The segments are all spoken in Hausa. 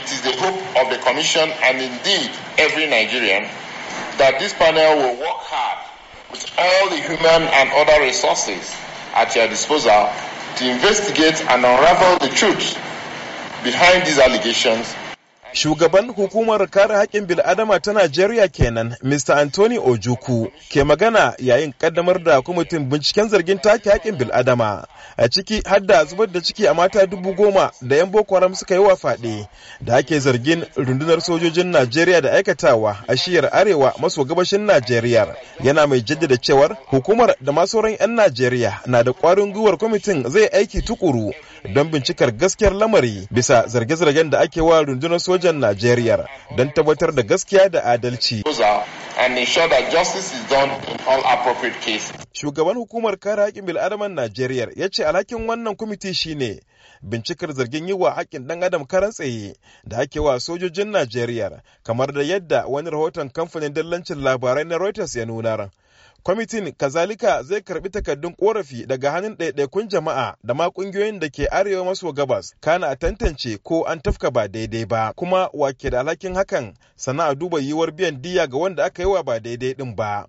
it is the hope of the Commission and indeed every Nigerian that this panel will work hard with all the human and other resources at your disposal to investigate and unravel the truth behind these allegations Shugaban hukumar kare haƙƙin bil'adama ta Najeriya kenan, Mr. Anthony Ojuku, ke magana yayin ƙaddamar da kwamitin binciken zargin take haƙƙin bil'adama. A ciki har da zubar da ciki a mata dubu goma da 'yan Boko Haram suka yi wa faɗe, da ake zargin rundunar sojojin Najeriya da aikatawa a shiyar arewa maso gabashin Najeriya. Yana mai jaddada cewar hukumar da masu sauran 'yan Najeriya na da ƙwarin gwiwar kwamitin zai aiki tukuru don bincikar gaskiyar lamari bisa zarge-zargen da ake wa rundunar sojan Najeriya don tabbatar da gaskiya da adalci. and that justice is Shugaban hukumar kare haƙƙin bil'adaman Najeriya ya ce alhakin wannan kwamiti shine bincikar zargin yi wa haƙƙin ɗan adam karan tsaye da ake wa sojojin Najeriya kamar da yadda wani rahoton kamfanin dallancin labarai na Reuters ya nuna. kwamitin kazalika zai karbi takardun korafi daga hannun ɗaiɗaikun jama'a da ma ƙungiyoyin da ke arewa maso gabas kana a tantance ko an tafka ba daidai ba kuma wake da alhakin hakan sana'a duba yiwuwar biyan diya ga wanda aka yi wa ba daidai din ba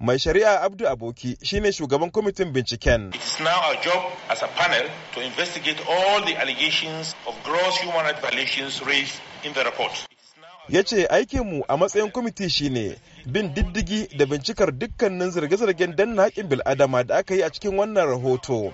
mai shari'a abdu aboki shine shugaban kwamitin binciken is now our job as a panel to investigate all the allegations of gross human violations raised in the report ya ce aikinmu a matsayin kwamiti shine bin diddigi da bincikar dukkanin zirge-zirgen danna haƙin bil'adama da aka yi a cikin wannan rahoto.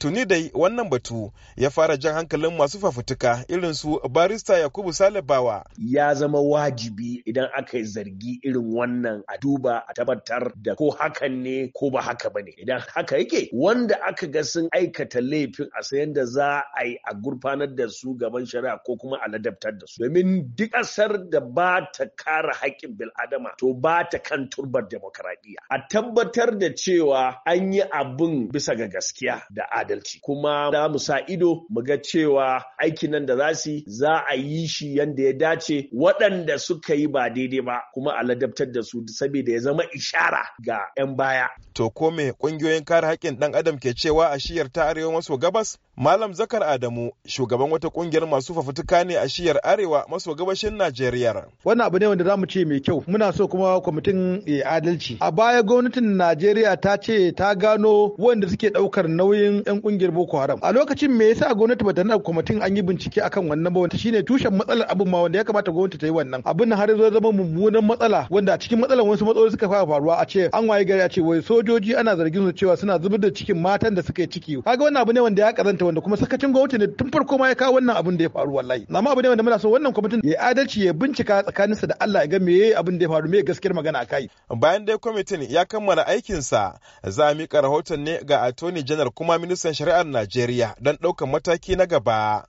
Tuni dai wannan batu ya fara jan hankalin masu fafutuka irin su barista Yakubu Salibawa. Ya zama wajibi idan aka yi zargi irin wannan a duba a tabbatar da ko hakan ne ko ba haka bane. Idan haka yake wanda aka ga sun aikata laifin a sayan da za a yi a gurfanar da su gaban shari'a ko kuma a ladabtar da su. Domin duk ƙasar da ba ta kare haƙƙin bil'adama to ba ta kan turbar demokaradiyya a tabbatar da cewa an yi abin bisa ga gaskiya da adalci kuma za mu sa ido mu ga cewa aikin nan da za su za a yi shi yadda ya dace waɗanda suka yi ba daidai ba kuma a ladabtar da su saboda ya zama ishara ga 'yan baya To ko me kungiyoyin kare haƙƙin ɗan adam ke cewa a shiyar ta arewa maso gabas? Malam Zakar Adamu, shugaban wata kungiyar masu fafutuka ne a shiyar arewa maso gabashin Najeriya. Wannan abu ne wanda za mu ce mai kyau. Muna so kuma kwamitin eh, adalci. A baya gwamnatin Najeriya ta ce ta gano wanda suke ɗaukar nauyin 'yan kungiyar Boko Haram. A lokacin me yasa gwamnati bata nuna kwamitin an yi bincike akan wannan ba wanda shine tushen matsalar abin ma wanda ya kamata gwamnati ta yi wannan. Abin har zo zama mummunan matsala wanda a cikin matsalar wasu matsaloli suka fara faruwa a ce an waye gari a ce wai so sojoji ana zargin su cewa suna zubar da cikin matan da suka yi ciki kaga wannan abu ne wanda ya karanta wanda kuma sakacin gwamnati ne tun farko ma ya kawo wannan abin da ya faru wallahi amma abu ne wanda muna so wannan kwamitin ya adalci ya bincika tsakanin da Allah ya ga me meye abin da ya faru me gaskiyar magana kai. bayan dai kwamitin ya kammala aikinsa za a mika rahoton ne ga attorney general kuma ministan shari'ar Najeriya don ɗaukar mataki na gaba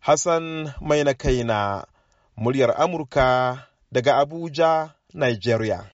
Hassan mai na kaina muryar Amurka daga Abuja Nigeria